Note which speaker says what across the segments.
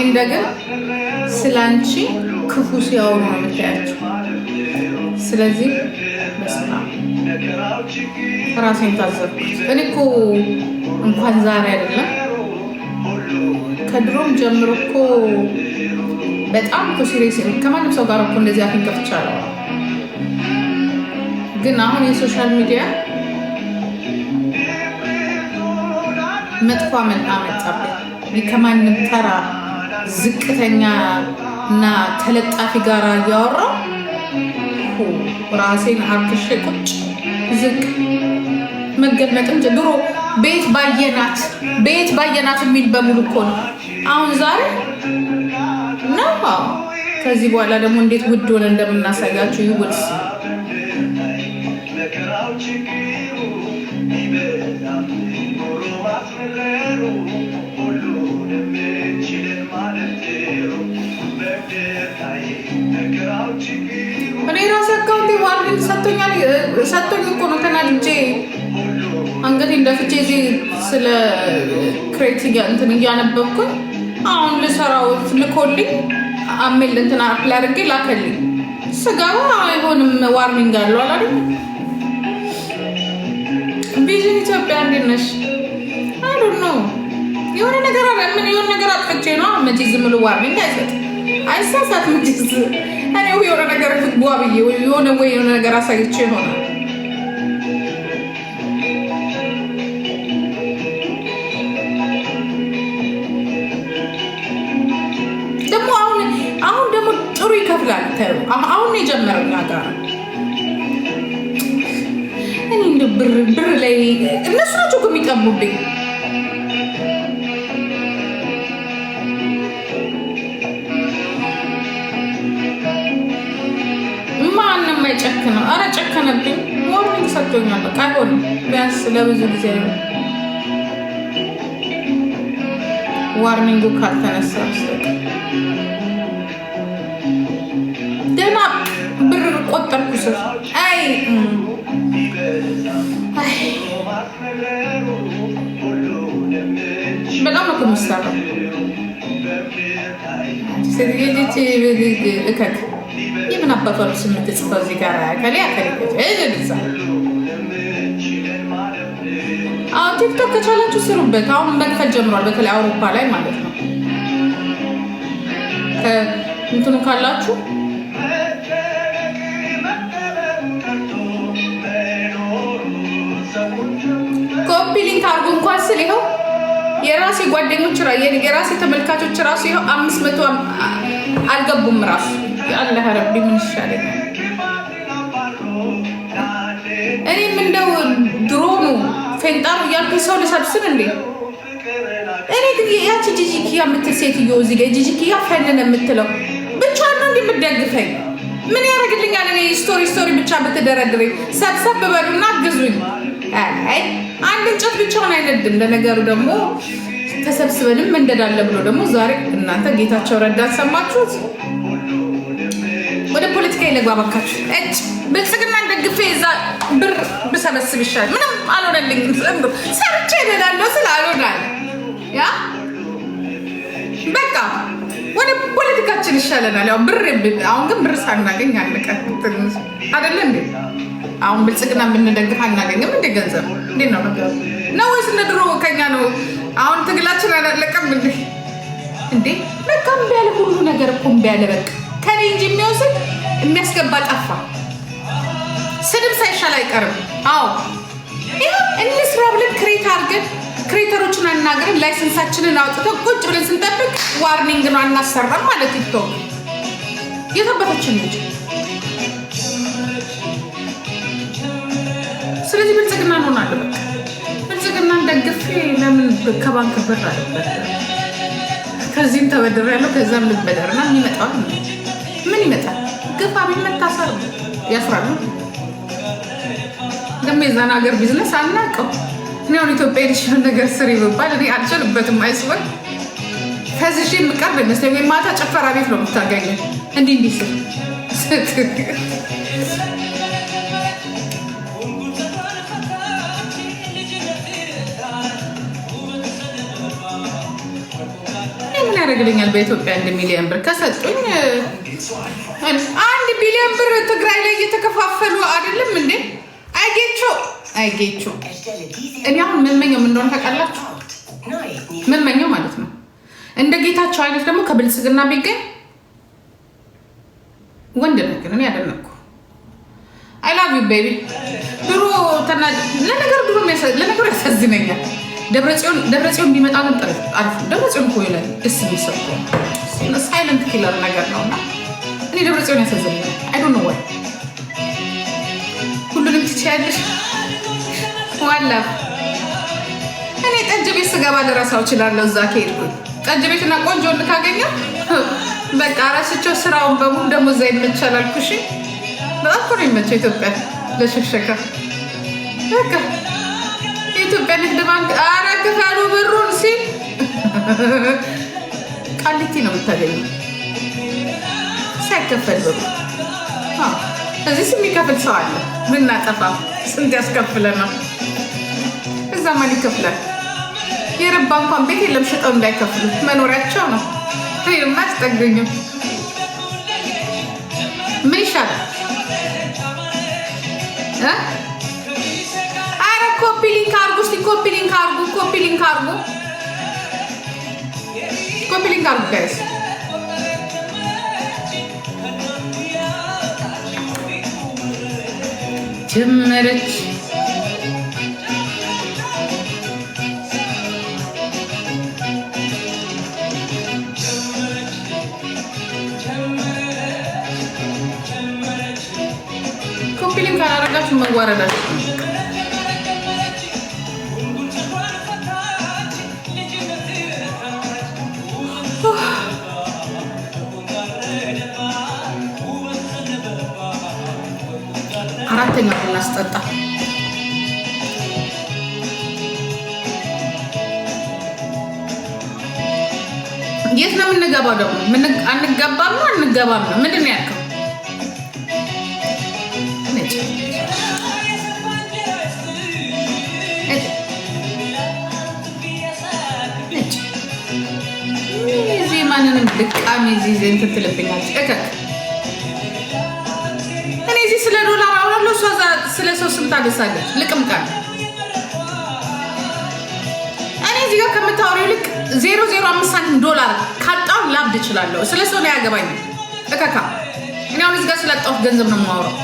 Speaker 1: እንደግን ስላንቺ ክፉ ሲያወሩ ነው የምታያቸው። ስለዚህ በስራ ራሴን ታዘብኩት። እኔ እኮ እንኳን ዛሬ አይደለም ከድሮም ጀምሮ እኮ በጣም እኮ ሲሪየስ ከማንም ሰው ጋር እኮ እንደዚህ አፌን ከፍቻለሁ። ግን አሁን የሶሻል ሚዲያ መጥፎ አመጣ መጣብኝ ከማንም ተራ ዝቅተኛ እና ተለጣፊ ጋር እያወራሁ ራሴን አርክሼ ቁጭ ዝቅ መገመጥም ድሮ ቤት ባየናት ቤት ባየናት የሚል በሙሉ እኮ ነው። አሁን ዛሬ ነው። ከዚህ በኋላ ደግሞ እንዴት ውድ ሆነ እንደምናሳያቸው ይውልስ ሰጥቶኛል። ሰጥቶኝ እኮ ነው ተናድጄ አንገቴ እንደፍቼ እዚህ ስለ ክሬት እንትን እያነበብኩኝ አሁን ልኮልኝ አሜል እንትን አድርጌ ላከልኝ። አይሆንም ዋርኒንግ አለው አላለም። ቢዚ ኢትዮጵያ እንዴት ነሽ? አይ ዶንት ኖ የሆነ ነገር አለ ምን የሆነ ነገር አጥፍቼ ነው መቼ ዝም ብሎ ዋርኒንግ አይሰጥም። እሳሳት ምጅዝ እኔ የሆነ ነገር ትጓ ብዬ የሆነ ወይ የሆነ ነገር አሳይቼ ይሆናል። ደግሞ አሁን አሁን ደግሞ ጥሩ ይከፍላል። አሁን የጀመረው ጋር እኔ ብር ብር ላይ እነሱ ናቸው የሚጠሙብኝ ጨክነ አረ ጨከነብኝ። ወርኒንግ ሰጥቶኛል። በቃ አይሆንም። ቢያንስ ለብዙ ጊዜ ነው ዋርኒንጉ ካልተነሳ በስተቀር ደህና ብር ቆጠርኩ ስር አይ በጣም ነው የሚሰራው ሴትጌ ልከክ አባቷ የምትጽፈው እዚህ ጋር ከሌ ቲክቶክ ከቻላችሁ ስሩበት። አሁን መክፈል ጀምሯል፣ በተለይ አውሮፓ ላይ ማለት ነው። እንትኑ ካላችሁ ኮፒ ሊንክ አድርጉ እንኳን ስል ይኸው የራሴ ጓደኞች የራሴ ተመልካቾች ራሱ ይኸው አምስት መቶ አልገቡም። ራሱ የአላህ ረቢ ምን ይሻለኛል? እኔም እንደው ድሮኑ ፌንጣሩ ፌንጣኑ እያልኩ ሰው ልሰብስብ እንዴ? እኔ ግን ያቺ ጂጂኪያ የምትል ሴትዮ እዚህ ጋ ጂጂኪያ ፈንን የምትለው ብቻ ነው እንደምደግፈኝ ምን ያደርግልኛል? እኔ ስቶሪ ስቶሪ ብቻ ብትደረድረኝ ሰብሰብ በሉና አግዙኝ። አንድ እንጨት ብቻውን አይነድም። ለነገሩ ደግሞ ተሰብስበንም አለ ብሎ ደግሞ ዛሬ እናንተ ጌታቸው ረዳት ሰማችሁት። ወደ ፖለቲካ ይለግባባካችሁ እጭ ብልጽግና ደግፌ ዛ ብር ብሰበስብ ይሻል። ምንም አልሆነልኝም። ሰርቼ እሄዳለሁ ስለ አልሆናል ያ በቃ ወደ ፖለቲካችን ይሻለናል። ያው ብር አሁን ግን ብር ሳናገኝ አለቀ አደለ እንዴ? አሁን ብልጽግና የምንደግፍ አናገኝም። እንደ ገንዘብ እንዴ ነው ነገሩ? ነው ወይስ እንደ ድሮ ከኛ ነው? አሁን ትግላችን አላለቀም እንዴ? እንዴ በቃ እምቢ ያለ ሁሉ ነገር እኮ እምቢ ያለ በቃ ከኔ እንጂ የሚወስድ የሚያስገባ ጠፋ። ስድብ ሳይሻል አይቀርም። አዎ እንስራ ብለን ክሬት አድርገን ክሬተሮችን አናገርን ላይሰንሳችንን አውጥተው ቁጭ ብለን ስንጠብቅ ዋርኒንግ ነው አናሰራም ማለት ይቶ የተበታችን ልጅ ስለዚህ ብልጽግና እንሆን አለበት። ብልጽግና ደግፌ ለምን ከባንክ ብር አለበት? ከዚህም ተበድር ያለው ከዛም ልበደርና ይመጣል። ምን ይመጣል? ግፋ ቢመታሰር ያስራሉ። ደግሞ የዛን ሀገር ቢዝነስ አናውቀው። እኔ አሁን ኢትዮጵያ የሄድሽውን ነገር ስር ብባል እኔ አልችልበትም። አይስበል ከዚህ ሺህ የምቀርብ ይመስለኝ። ወይም ማታ ጭፈራ ቤት ነው የምታገኘው እንዲህ እንዲህ ስል ያደርግልኛል? በኢትዮጵያ አንድ ሚሊዮን ብር ከሰጡኝ አንድ ቢሊዮን ብር ትግራይ ላይ እየተከፋፈሉ አይደለም እንዴ? አይጌቸው አይጌቸው። እኔ አሁን መመኘው እንደሆነ ታውቃላችሁ? መመኘው ማለት ነው እንደ ጌታቸው አይነት ደግሞ ከብልጽግና ቢገኝ ወንድ ነው። ግን እኔ ያደነኩ አይ ላቭ ዩ ቤቢ ድሮ ለነገር ድሮ ለነገሩ ያሳዝነኛል ደብረጽዮን ቢመጣ ጥር አሪፍ። ደብረጽዮን እኮ ይላል ደስ የሚሰጥ ሳይለንት ኪለር ነገር ነው እና እኔ ደብረጽዮን ያሳዝነኛል። አይ ዶንት ኖ ሁሉንም ትችያለሽ ዋላ እኔ ጠጅ ቤት ስገባ ልረሳው እችላለሁ። እዛ ከሄድኩኝ ጠጅ ቤትና ቆንጆ እንካገኘው በቃ እራስቸው ስራውን በሙሉ ደግሞ እዛ ይመቻል አልኩሽ። በጣም ኮር ይመቸው ኢትዮጵያ ለሽክሸካ በቃ የኢትዮጵያ ንግድ ባንክ ኧረ ክፈሉ ብሩን ሲል ቃሊቲ ነው የምታገኘው ሳይከፈል ብሩ። እዚህ የሚከፍል ሰው አለ። ምናጠፋ ስንት ያስከፍለናል? እዛ ማን ይከፍላል? የረባ እንኳን ቤት የለም ሸጠው እንዳይከፍሉ መኖሪያቸው ነው። እኔም አያስጠግኝም። ምን ይሻላል? Copiling kargo, copiling kargo. Copiling kargo guys. Cimmerik. Copiling kargo guys, magwaran የት ነው የምንገባው? ደግሞ አንገባም ነው አንገባም ነው ምንድን ነው ያልከው? እዚህ ማንንም ድቃሚ እዚህ እንትን ትልብኛለች። እከክ እኔ እዚህ ስለ ዶላር አውራለሁ፣ እሷ እዛ ስለ ሰው ስም እኔ እዚህ ጋር ከምታወሪው ዜሮ ዜሮ አምስት ሳንቲም ዶላር ላብድ እችላለሁ። ስለ ሰው ላይ ያገባኝ እከካ እኔ አሁን እዚህ ጋር ስላጣሁት ገንዘብ ነው የማወራው።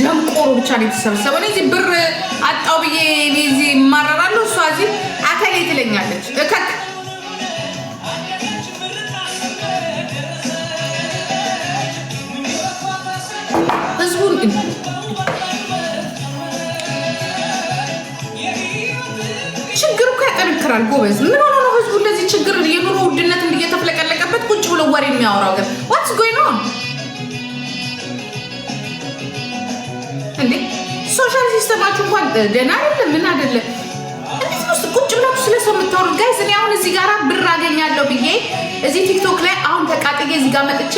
Speaker 1: ደንቆሮ ብቻ ነው የተሰበሰበው። እኔ እዚህ ብር አጣው ብዬ እኔ እዚህ እማረራለሁ። እሷ እዚህ አከሌ ትለኛለች እከክ ይሰራል ጎበዝ። ምን ሆኖ ነው ህዝቡ እንደዚህ ችግር የኑሮ ውድነት እየተፍለቀለቀበት ቁጭ ብሎ ወሬ የሚያወራው? ግን ዋትስ ጎይ ነው እንዴ? ሶሻል ሲስተማችሁ እንኳን ደህና አይደለም። ምን አደለ እንዴት ውስጥ ቁጭ ብላችሁ ስለ ሰው የምታወሩት? ጋይዝ እኔ አሁን እዚህ ጋር ብር አገኛለሁ ብዬ እዚህ ቲክቶክ ላይ አሁን ተቃጥዬ እዚህ ጋር መጥቼ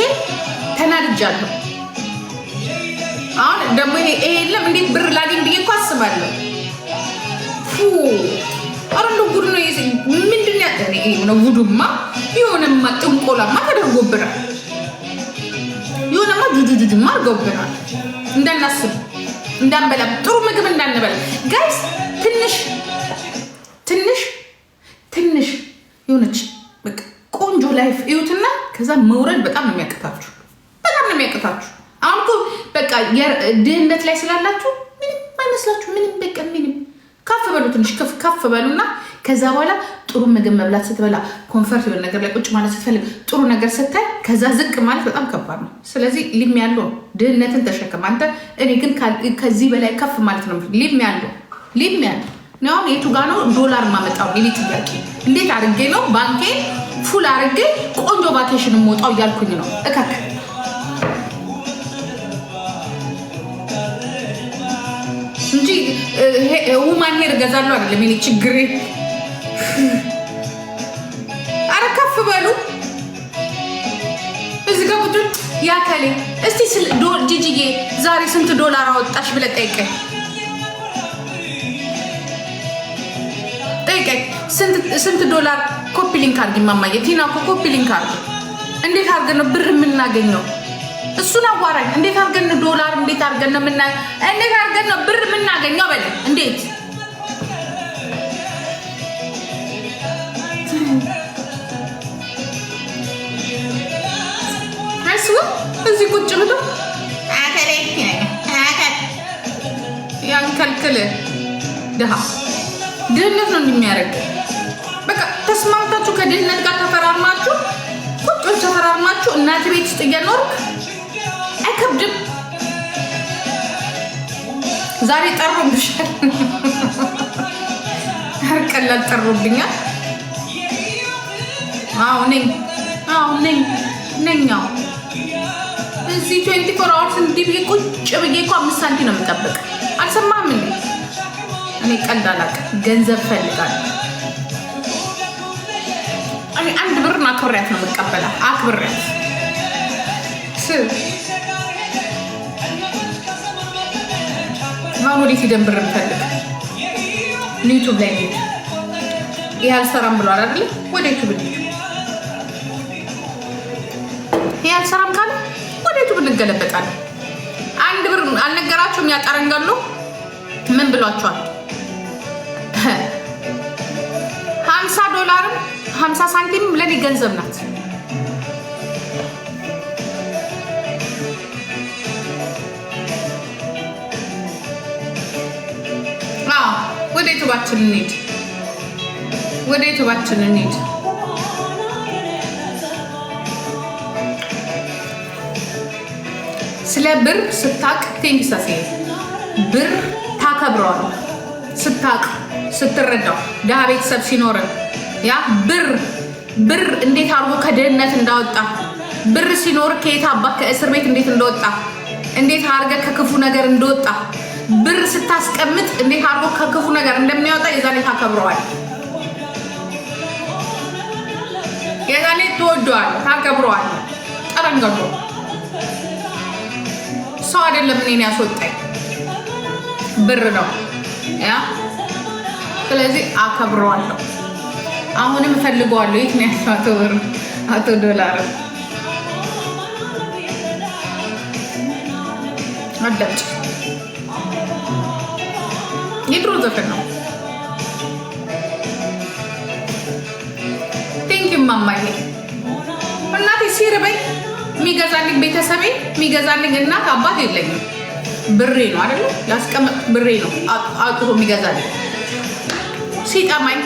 Speaker 1: ተናድጃለሁ። አሁን ደግሞ ይሄ የለም እንዴት ብር ላገኝ ብዬ እኮ አስባለሁ። አረንዶ ጉድ ነው ይዘኝ ምንድን ይሄ ነው ጉዱማ የሆነማ ጥንቆላማ ተደርጎብናል። የሆነማ ዱዱዱድማ አድርገውብናል። እንዳናስብ እንዳንበላም ጥሩ ምግብ እንዳንበላ ጋይስ ትንሽ ትንሽ ትንሽ የሆነች ቆንጆ ላይፍ እዩትና ከዛ መውረድ በጣም ነው የሚያቅታችሁ። በጣም ነው የሚያቅታችሁ። አሁን እኮ በቃ ድህነት ላይ ስላላችሁ ምንም አይመስላችሁ ምንም በቃ ምንም ከፍ በሉ ትንሽ ከፍ በሉና ከዛ በኋላ ጥሩ ምግብ መብላት ስትበላ ኮንፈርት የሆነ ነገር ላይ ቁጭ ማለት ስትፈልግ ጥሩ ነገር ስታይ ከዛ ዝቅ ማለት በጣም ከባድ ነው። ስለዚህ ሊም ያለው ድህነትን ተሸክም አንተ። እኔ ግን ከዚህ በላይ ከፍ ማለት ነው። ሊም ያለው ሊም ያለው ሁን የቱ ጋ ነው ዶላር ማመጣው የኔ ጥያቄ። እንዴት አድርጌ ነው ባንኬ ፉል አድርጌ ቆንጆ ቫኬሽን የምወጣው እያልኩኝ ነው እከክ ሁማን ሄር እገዛለሁ አይደለም የእኔ ችግሬ። አረ ከፍ በሉ እዚህ ጋር ቁጭ ያከሌ እስቲ ጂጂዬ ዛሬ ስንት ዶላር አወጣሽ ብለህ ጠይቀኝ ጠይቀኝ። ስንት ዶላር ኮፒ ሊንክ አድርጊ ማማዬ ቲና ኮፒ ሊንክ አድርጊ። እንዴት አድርገን ነው ብር የምናገኘው? እሱን አዋራኝ። እንዴት አድርገን ዶላር እንዴት አድርገን ነው እንዴት አድርገን ነው ብር የምናገኘው? በለ እንዴት እዚህ ቁጭ ብሎ ያንከልክል ድሃ ድህነት ነው እንደሚያደርግ በቃ ተስማምታችሁ ከድህነት ጋር ተፈራርማችሁ ቁጭ ተፈራርማችሁ እናት ቤት ውስጥ እየኖርክ ዛሬ ጠሩብሻል። ቀላል ጠሩብኛል። አዎ ነኝ፣ አዎ ነኝ፣ ነኝ። አዎ እዚህ ትዌንቲ አወርስ እንዲህ ብዬ ቁጭ ብዬ እኮ አምስት ሳንቲም ነው የምጠብቅ። አልሰማህም እንዴ? እኔ ቀልድ አላውቅም፣ ገንዘብ ፈልጋለሁ። እኔ አንድ ብርን አክብሪያት ነው የምቀበላት፣ አክብሪያት ማን ወዴት ይደንብር እንፈልግ ዩቱብ ላይ ሄድ ይህ አልሰራም ብሏል አይደለ? ወደ ዩቱብ እንሂድ። ይህ አልሰራም ካለ ወደ ዩቱብ እንገለበጣለን። አንድ ብር አልነገራችሁም? ያጠረን ምን ብሏቸዋል? ሀምሳ ዶላርም ሀምሳ ሳንቲም ለኔ ገንዘብ ናት። ዩቱባችን እንሂድ፣ ወደ ዩቱባችን እንሂድ። ስለ ብር ስታቅ ቴንክ ብር ታከብረዋል። ስታቅ ስትረዳው ድሃ ቤተሰብ ሲኖርን ያ ብር ብር እንዴት አርጎ ከድህነት እንዳወጣ ብር ሲኖር ከየት አባት ከእስር ቤት እንዴት እንደወጣ እንዴት አርገ ከክፉ ነገር እንደወጣ ብር ስታስቀምጥ እንዴት አድርጎ ከክፉ ነገር እንደሚያወጣ የዛኔ ታከብረዋል፣ የዛኔ ትወደዋል፣ ታከብረዋል። ጠረንገዶ ሰው አይደለም እኔን ያስወጣኝ ብር ነው። ያ ስለዚህ አከብረዋለሁ። አሁንም እፈልገዋለሁ። የት ነው ያለው አቶ ብር አቶ ዶላር አዳጭ የድሮ ዘፈን ነው። ቴንክ ዩ ማማዬ፣ እናቴ ሲርበኝ የሚገዛልኝ ቤተሰቤ የሚገዛልኝ እናት አባት የለኝም። ብሬ ነው አይደለ? ላስቀመጥኩት ብሬ ነው አጥሮ የሚገዛልኝ ሲጠማኝ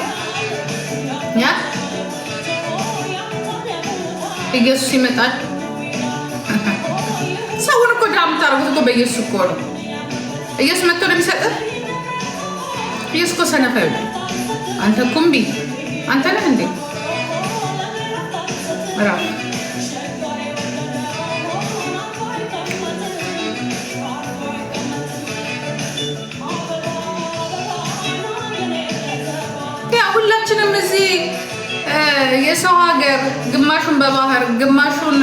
Speaker 1: ያ ኢየሱስ ይመጣል። ሰውን እኮ ድራ የምታደርጉት እኮ በኢየሱስ እኮ ነው። ኢየሱስ መጥቶ ነው የሚሰጥህ ፒስኮ ሰነፈ ይላል። አንተ ኩምቢ አንተ ነህ እንዴ? ራፍ ሁላችንም እዚህ የሰው ሀገር ግማሹን በባህር ግማሹን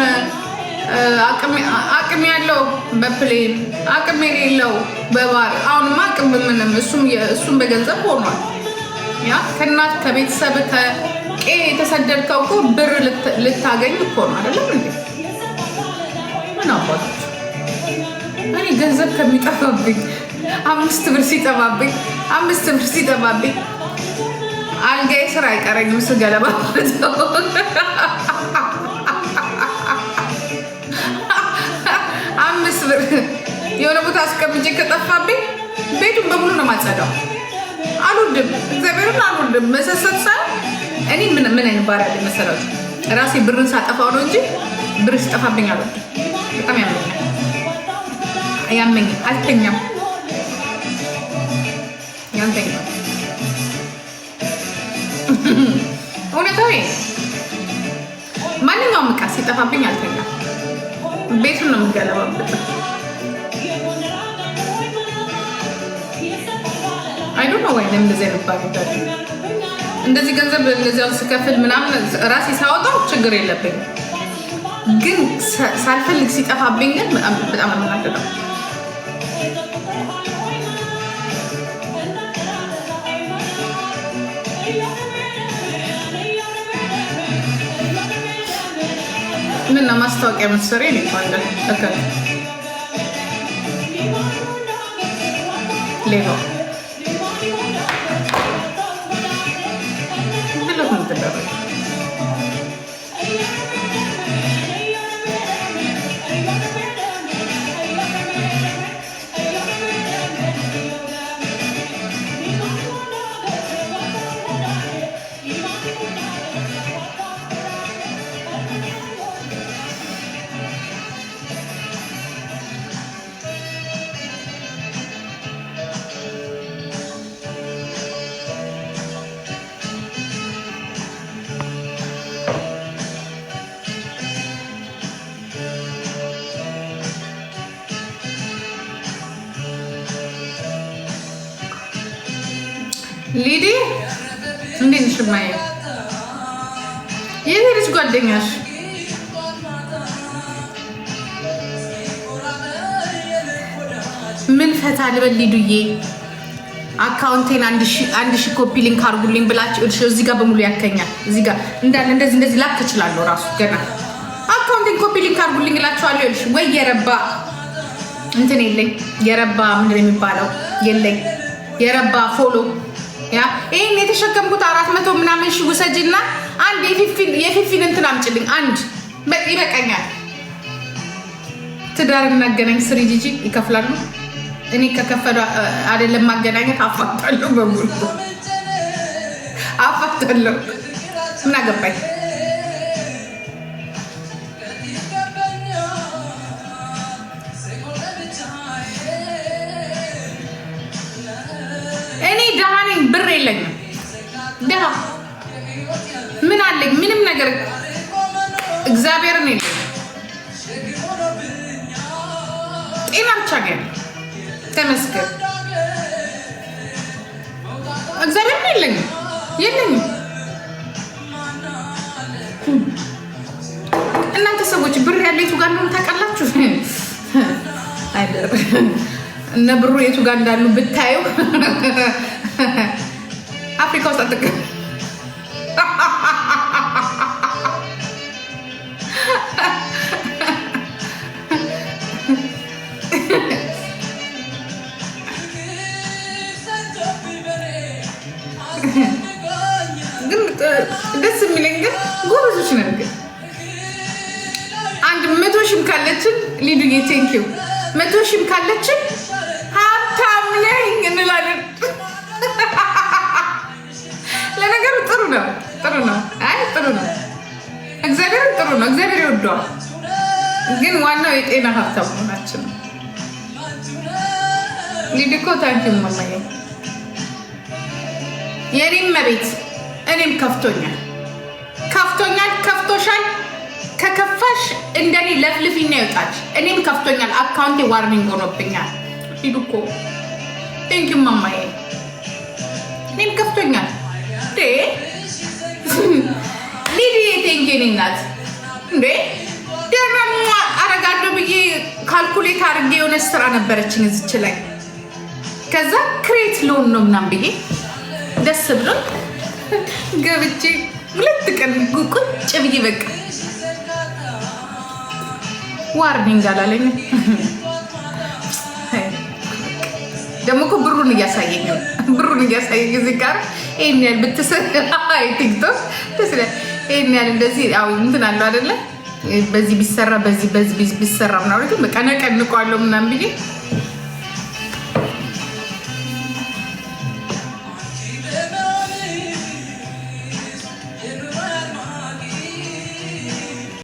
Speaker 1: አቅም ያለው በፕሌን አቅም የሌለው በባር አሁንማ አቅም ምንም እሱም በገንዘብ ሆኗል። ያ ከእናት ከቤተሰብ ከቄ የተሰደድከው እኮ ብር ልታገኝ እኮ ነው አይደለም እንዴ? ምን አባቶች እኔ ገንዘብ ከሚጠፋብኝ አምስት ብር ሲጠፋብኝ አምስት ብር ሲጠፋብኝ አልጋዬ ስራ አይቀረኝም ስገለባ የሆነ ቦታ አስቀምጬ ከጠፋብኝ ቤቱን በሙሉ ነው ማጸዳው። አልወድም፣ እግዚአብሔርን አልወድም። መሰሰት ሳ እኔ ምን አይነት ባሪያ መሰረቱ ራሴ ብርን ሳጠፋው ነው እንጂ ብር ስጠፋብኝ አልወድም። በጣም ያመኛል፣ ያመኛል። አልተኛም፣ ያልተኛም እውነታዊ ማንኛውም እቃ ሲጠፋብኝ አልተኛም። ቤቱን ነው የምገለባበት። ነው እንደዚህ አይባልበት። እንደዚህ ገንዘብ ስከፍል ምናምን ራሴ ሳወጣው ችግር የለብኝ፣ ግን ሳልፈልግ ሲጠፋብኝ ግን በጣም ማስታወቂያ መሰሪ ሌባ something better. ሊዲ እንዴት ነሽ እማዬ? የት ሄደች ጓደኛሽ? ምን ፈታ ልበል ሊዱዬ? አካውንቴን አንድ ሺ ኮፒ ሊንክ አድርጉልኝ ብላችሁ እዚህ ጋር በሙሉ ያከኛል። እዚህ ጋር እንዳለ እንደዚህ እንደዚህ ላክ እችላለሁ። ራሱ ገና አካውንቴን ኮፒ ሊንክ አድርጉልኝ እላችኋለሁ። ይኸውልሽ ወይ የረባ እንትን የለኝ የረባ ምንድን ነው የሚባለው የለኝ የረባ ፎሎ ይህን የተሸከምኩት አራት መቶ ምናምን ሺህ ውሰጂ እና አንድ የፊፊን እንትን አምጪልኝ። አንድ ይበቃኛል። ትዳር እናገናኝ ስሪ ጂጂ ይከፍላሉ። እኔ ከከፈሉ አይደለም ማገናኘት አፋታለሁ፣ በሙሉ አፋታለሁ። ምን አገባኝ? ደሃ ነኝ፣ ብር የለኝም። ደሃ ምን አለኝ? ምንም ነገር እግዚአብሔርን የለኝ። ጤና ብቻ ገ ተመስገን። እግዚአብሔርን የለኝም፣ የለኝም። እናንተ ሰዎች ብር ያለ የቱ ጋር እንደሆነ ታውቃላችሁ። እነ ብሩ የቱ ጋር እንዳሉ ብታዩ Afrika Ustaz Teguh መሆናችን ነው። ሊድኮ ታንኪዩ ማማዬ፣ የኔም መቤት። እኔም ከፍቶኛል፣ ከፍቶኛል፣ ከፍቶሻል። ከከፋሽ እንደኔ ለፍልፊና ይወጣል። እኔም ከፍቶኛል፣ አካውንቴ ዋርኒንግ ሆኖብኛል። ሊድኮ ታንኪዩ ማማዬ፣ እኔም ከፍቶኛል። ሊዲ ቴንኪ እኔ ናት እንዴ ደራሚ አረጋለሁ ብዬ ካልኩሌት አድርጌ የሆነ ስራ ነበረችኝ እዚች ላይ ከዛ ክሬት ሎን ነው ምናምን ብዬ ደስ ብሎ ገብቼ ሁለት ቀን ቁጭ ብዬ በቃ ዋርኒንግ አላለኝ። ደግሞ እኮ ብሩን እያሳየኝ ብሩን እያሳየኝ እዚህ ጋር ይህን ያህል ብትሰ ቲክቶክ ይህን ያህል እንደዚህ እንትን አለው አይደለ በዚህ ቢሰራ በዚህ በዚህ ቢሰራ ምናምን በቃ ነቀንቀዋለሁ ምናምን ብዬ